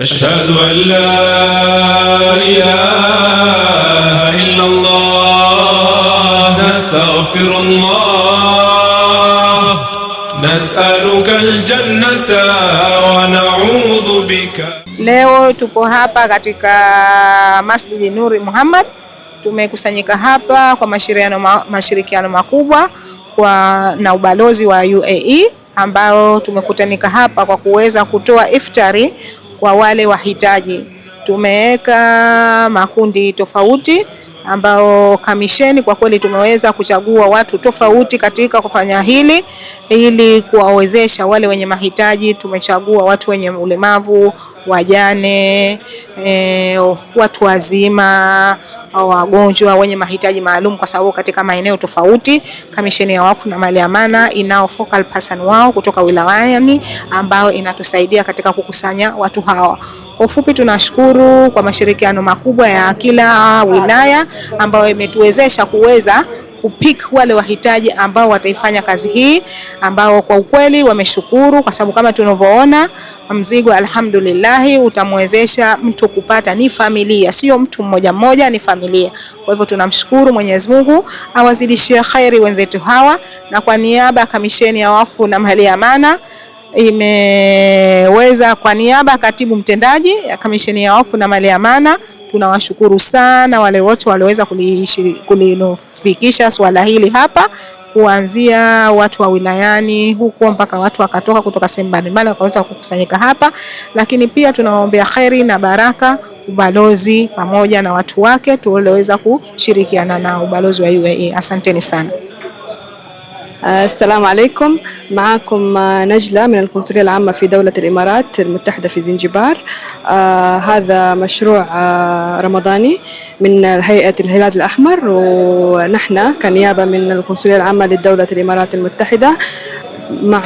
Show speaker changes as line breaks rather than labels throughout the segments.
أشهد أن لا إله إلا الله نستغفر الله نسألك الجنة ونعوذ بك. Leo tupo hapa katika Masjid Nuri Muhammad. Tumekusanyika hapa kwa mashirikiano makubwa kwa na ubalozi wa UAE ambao tumekutanika hapa kwa kuweza kutoa iftari kwa wale wahitaji. Tumeweka makundi tofauti ambao kamisheni kwa kweli tumeweza kuchagua watu tofauti katika kufanya hili ili kuwawezesha wale wenye mahitaji. Tumechagua watu wenye ulemavu, wajane, e, watu wazima wagonjwa wenye mahitaji maalum, kwa sababu katika maeneo tofauti. Kamisheni ya Wakfu na Mali Amana inao focal person wao kutoka wilayani ambao inatusaidia katika kukusanya watu hawa. Kwa ufupi, tunashukuru kwa mashirikiano makubwa ya kila wilaya ambayo imetuwezesha kuweza kupik wale wahitaji ambao wataifanya kazi hii, ambao kwa ukweli wameshukuru, kwa sababu kama tunavyoona mzigo alhamdulillah utamwezesha mtu kupata, ni familia, sio mtu mmoja mmoja, ni familia. Kwa hivyo tunamshukuru Mwenyezi Mungu awazidishie khairi wenzetu hawa, na kwa niaba ya kamisheni ya wakfu na mali ya amana imeweza kwa niaba katibu mtendaji ya kamisheni ya wakfu na mali ya amana Tunawashukuru sana wale wote walioweza kulinufikisha swala hili hapa, kuanzia watu wa wilayani huko mpaka watu wakatoka kutoka sehemu mbalimbali wakaweza kukusanyika hapa, lakini pia tunawaombea kheri na baraka ubalozi pamoja na watu wake tulioweza kushirikiana na ubalozi wa UAE. Asanteni sana.
آه، السلام عليكم معكم آه، نجلة من القنصلية العامة في دولة الإمارات المتحدة في زنجبار آه، هذا مشروع رمضاني من هيئة الهلال الأحمر ونحن كنيابة من القنصلية العامة لدولة الإمارات المتحدة مع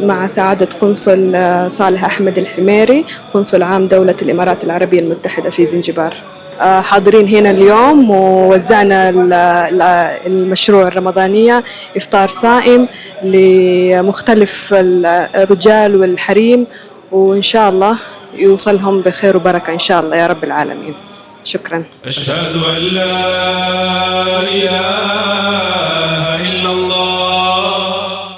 مع سعادة قنصل صالح أحمد الحميري قنصل عام دولة الإمارات العربية المتحدة في زنجبار آه، حاضرين هنا اليوم ووزعنا المشروع الرمضانية إفطار صائم لمختلف الرجال والحريم وإن شاء الله يوصلهم بخير وبركة إن شاء الله يا رب العالمين شكرا أشهد أن لا